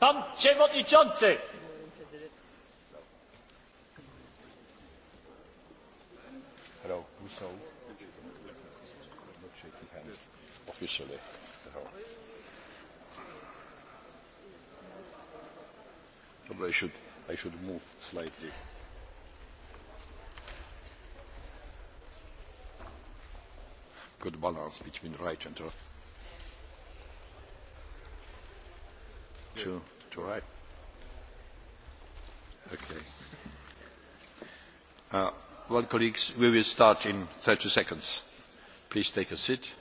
Pan Przewodniczący! Hello, Rousseau. officially. Probably I should, I should move slightly. Good balance between right and left. to to write. Okay. Uh, well, colleagues, we will start in 30 seconds. Please take a seat.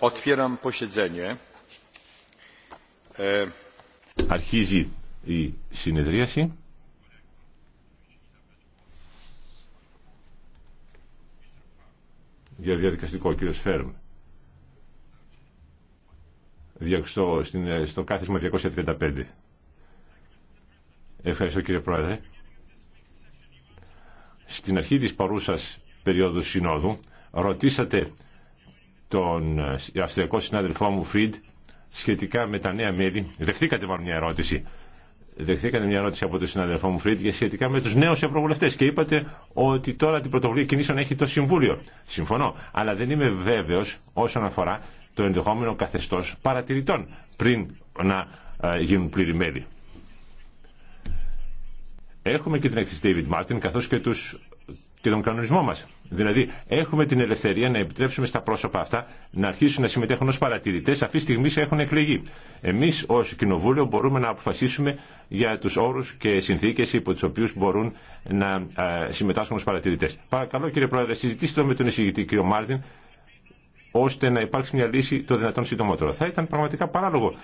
Otwieram posiedzenie. Αρχίζει η συνεδρίαση. Για διαδικαστικό, ο κύριος Φέρμ. στην, στο κάθισμα 235. Ευχαριστώ κύριε Πρόεδρε. Στην αρχή της παρούσας περίοδου συνόδου ρωτήσατε τον αυστριακό συνάδελφό μου Φριντ σχετικά με τα νέα μέλη. Δεχτήκατε μάλλον μια ερώτηση δεχθήκατε μια ερώτηση από τον συναδελφό μου για σχετικά με του νέου ευρωβουλευτέ και είπατε ότι τώρα την πρωτοβουλία κινήσεων έχει το Συμβούλιο. Συμφωνώ, αλλά δεν είμαι βέβαιο όσον αφορά το ενδεχόμενο καθεστώ παρατηρητών πριν να ε, γίνουν πλήρη μέλη. Έχουμε και την έκθεση David Martin καθώ και, και τον κανονισμό μα. Δηλαδή έχουμε την ελευθερία να επιτρέψουμε στα πρόσωπα αυτά να αρχίσουν να συμμετέχουν ω παρατηρητέ, αυτή τη στιγμή έχουν εκλεγεί. Εμεί ω Κοινοβούλιο μπορούμε να αποφασίσουμε για του όρου και συνθήκε υπό του οποίου μπορούν να συμμετάσχουν ως παρατηρητέ. Παρακαλώ κύριε Πρόεδρε, συζητήστε το με τον εισηγητή κύριο Μάρτιν ώστε να υπάρξει μια λύση το δυνατόν συντομότερο. Θα ήταν πραγματικά παράλογο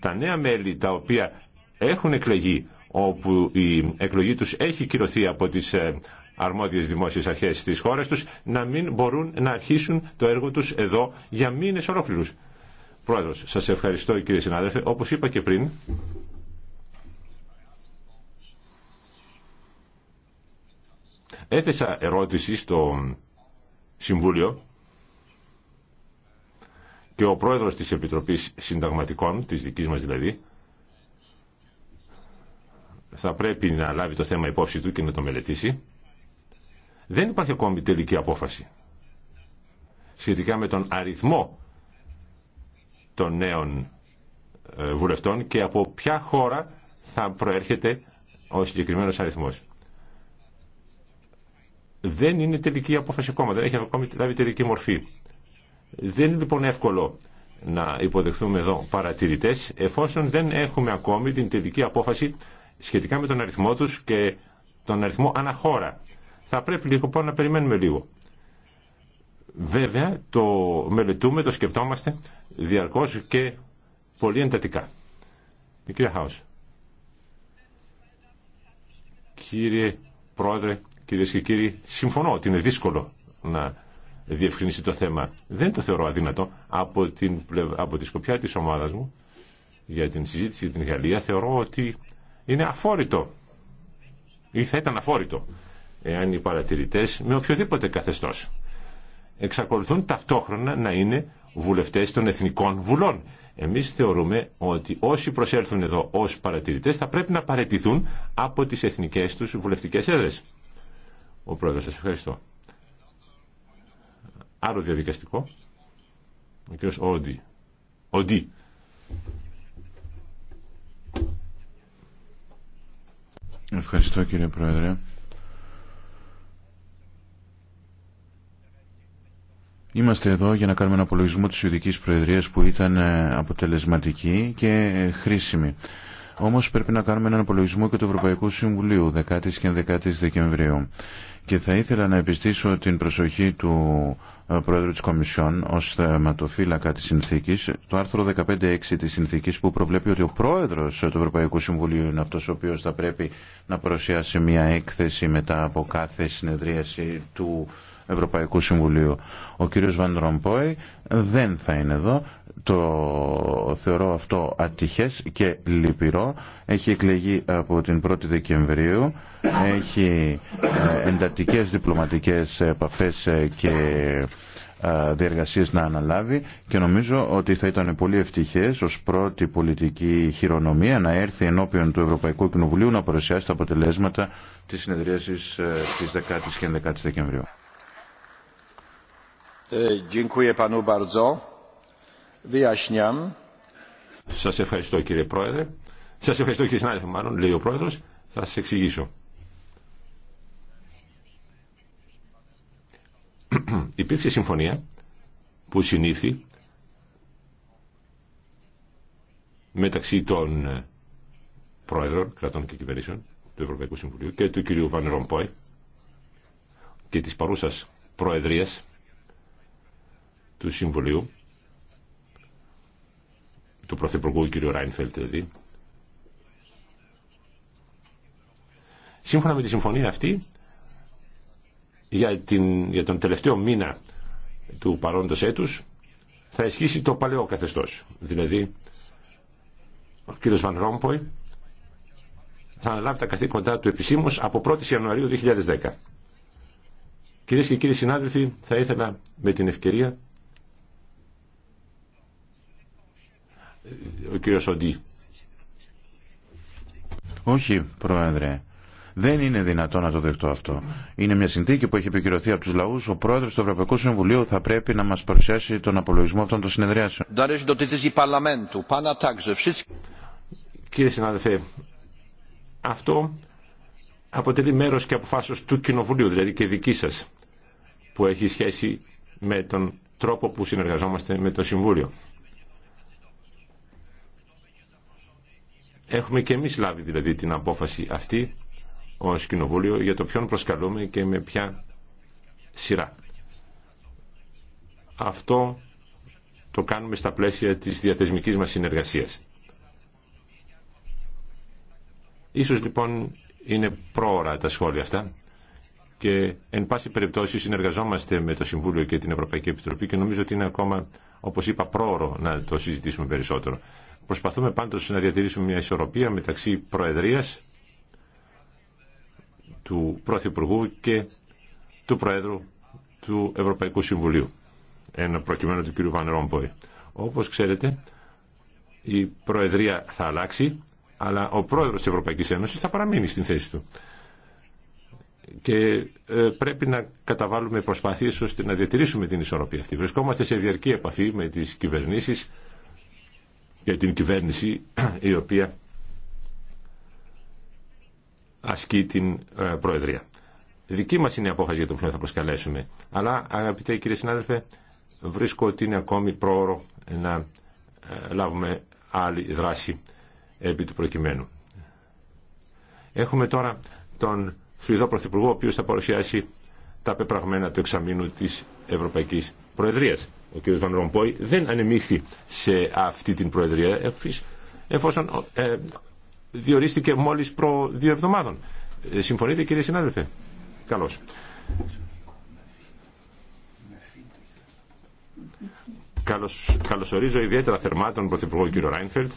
τα νέα μέλη τα οποία έχουν εκλεγεί όπου η εκλογή τους έχει κυρωθεί από τις ε, αρμόδιες δημόσιες αρχές της χώρας τους να μην μπορούν να αρχίσουν το έργο τους εδώ για μήνες ολόκληρους. Πρόεδρος, σας ευχαριστώ κύριε συνάδελφε. Όπως είπα και πριν, έθεσα ερώτηση στο Συμβούλιο και ο πρόεδρος της Επιτροπής Συνταγματικών, της δικής μας δηλαδή, θα πρέπει να λάβει το θέμα υπόψη του και να το μελετήσει. Δεν υπάρχει ακόμη τελική απόφαση σχετικά με τον αριθμό των νέων ε, βουλευτών και από ποια χώρα θα προέρχεται ο συγκεκριμένος αριθμός. Δεν είναι τελική απόφαση ακόμα, δεν έχει ακόμη λάβει τελική μορφή. Δεν είναι λοιπόν εύκολο να υποδεχθούμε εδώ παρατηρητές εφόσον δεν έχουμε ακόμη την τελική απόφαση σχετικά με τον αριθμό τους και τον αριθμό αναχώρα. Θα πρέπει πάνω λοιπόν να περιμένουμε λίγο. Βέβαια το μελετούμε, το σκεπτόμαστε διαρκώς και πολύ εντατικά. Η κυρία Κύριε Πρόεδρε, κυρίε και κύριοι, συμφωνώ ότι είναι δύσκολο να διευκρινίσει το θέμα. Δεν το θεωρώ αδύνατο. Από, την, από τη σκοπιά της ομάδας μου για την συζήτηση για την Γαλλία θεωρώ ότι είναι αφόρητο ή θα ήταν αφόρητο εάν οι παρατηρητές με οποιοδήποτε καθεστώς εξακολουθούν ταυτόχρονα να είναι βουλευτές των εθνικών βουλών. Εμείς θεωρούμε ότι όσοι προσέλθουν εδώ ως παρατηρητές θα πρέπει να παρετηθούν από τις εθνικές τους βουλευτικές έδρες. Ο πρόεδρος σας ευχαριστώ. Άλλο διαδικαστικό. Ο κ. Όντι. Ευχαριστώ κύριε Πρόεδρε. Είμαστε εδώ για να κάνουμε ένα απολογισμό της Ιουδικής Προεδρίας που ήταν ε, αποτελεσματική και ε, χρήσιμη. Όμως πρέπει να κάνουμε έναν απολογισμό και του Ευρωπαϊκού Συμβουλίου 10 και 11 Δεκεμβρίου. Και θα ήθελα να επιστήσω την προσοχή του ε, Πρόεδρου της Κομισιόν ως θεματοφύλακα της συνθήκης το άρθρο 15.6 της συνθήκης που προβλέπει ότι ο Πρόεδρος του Ευρωπαϊκού Συμβουλίου είναι αυτός ο οποίος θα πρέπει να παρουσιάσει μια έκθεση μετά από κάθε συνεδρίαση του Ευρωπαϊκού Συμβουλίου. Ο κύριος Βαν Ρομπόη δεν θα είναι εδώ. Το θεωρώ αυτό ατυχές και λυπηρό. Έχει εκλεγεί από την 1η Δεκεμβρίου. Έχει ε, εντατικές διπλωματικές επαφές ε, και ε, διεργασίες να αναλάβει και νομίζω ότι θα ήταν πολύ ευτυχές ως πρώτη πολιτική χειρονομία να έρθει ενώπιον του Ευρωπαϊκού Κοινοβουλίου να παρουσιάσει τα αποτελέσματα της συνεδρίασης της 10 η και 11 η Δεκεμβρίου. Ε, dziękuję Σας ευχαριστώ κύριε Πρόεδρε. Σας ευχαριστώ κύριε συνάδελφε μάλλον, λέει ο Πρόεδρος. Θα σας εξηγήσω. Υπήρξε συμφωνία που συνήθη μεταξύ των ε, Πρόεδρων κρατών και κυβερνήσεων του Ευρωπαϊκού Συμβουλίου και του κυρίου Βαν Ρομπόη και της παρούσας Προεδρίας του Συμβουλίου, του Πρωθυπουργού κ. Ράινφελτ δηλαδή, σύμφωνα με τη συμφωνία αυτή, για, την, για τον τελευταίο μήνα του παρόντος έτους, θα ισχύσει το παλαιό καθεστώς. Δηλαδή, ο κ. Βαν Ρόμποϊ θα αναλάβει τα καθήκοντά του επισήμως από 1η Ιανουαρίου 2010. Κυρίες και κύριοι συνάδελφοι, θα ήθελα με την ευκαιρία ο κύριος Οντή. Όχι, Πρόεδρε. Δεν είναι δυνατό να το δεχτώ αυτό. Είναι μια συνθήκη που έχει επικυρωθεί από του λαού. Ο πρόεδρο του Ευρωπαϊκού Συμβουλίου θα πρέπει να μα παρουσιάσει τον απολογισμό αυτών των συνεδριάσεων. Κύριε συνάδελφε, αυτό αποτελεί μέρο και αποφάσεω του Κοινοβουλίου, δηλαδή και δική σα, που έχει σχέση με τον τρόπο που συνεργαζόμαστε με το Συμβούλιο. Έχουμε και εμείς λάβει δηλαδή την απόφαση αυτή ως Κοινοβούλιο για το ποιον προσκαλούμε και με ποια σειρά. Αυτό το κάνουμε στα πλαίσια της διαθεσμικής μας συνεργασίας. Ίσως λοιπόν είναι πρόωρα τα σχόλια αυτά και εν πάση περιπτώσει συνεργαζόμαστε με το Συμβούλιο και την Ευρωπαϊκή Επιτροπή και νομίζω ότι είναι ακόμα, όπως είπα, πρόωρο να το συζητήσουμε περισσότερο. Προσπαθούμε πάντως να διατηρήσουμε μια ισορροπία μεταξύ Προεδρίας, του Πρωθυπουργού και του Προέδρου του Ευρωπαϊκού Συμβουλίου, ένα προκειμένο του κ. Βαν Ρόμποη. Όπως ξέρετε, η Προεδρία θα αλλάξει, αλλά ο Πρόεδρος της Ευρωπαϊκής Ένωσης θα παραμείνει στην θέση του και ε, πρέπει να καταβάλουμε προσπάθειες ώστε να διατηρήσουμε την ισορροπία αυτή. Βρισκόμαστε σε διαρκή επαφή με τις κυβερνήσεις και την κυβέρνηση η οποία ασκεί την ε, Προεδρία. Δική μας είναι η απόφαση για τον οποίο θα προσκαλέσουμε. Αλλά αγαπητέ κύριε συνάδελφε, βρίσκω ότι είναι ακόμη πρόωρο να ε, λάβουμε άλλη δράση επί του προκειμένου. Έχουμε τώρα τον Σουηδό Πρωθυπουργό, ο οποίο θα παρουσιάσει τα πεπραγμένα του εξαμήνου της Ευρωπαϊκής Προεδρίας. Ο κ. Βαν Ρομπόη δεν ανεμίχθη σε αυτή την Προεδρία εφόσον ε, διορίστηκε μόλις προ δύο εβδομάδων. Ε, συμφωνείτε κύριε συνάδελφε. Καλώ. Καλώς, καλωσορίζω ιδιαίτερα θερμά τον Πρωθυπουργό κ. Ράινφελτ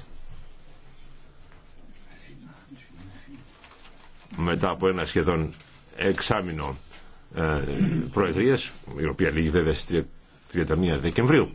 μετά από ένα σχεδόν εξάμεινο ε, προεδρίας, η οποία λήγει βέβαια στις 31 Δεκεμβρίου.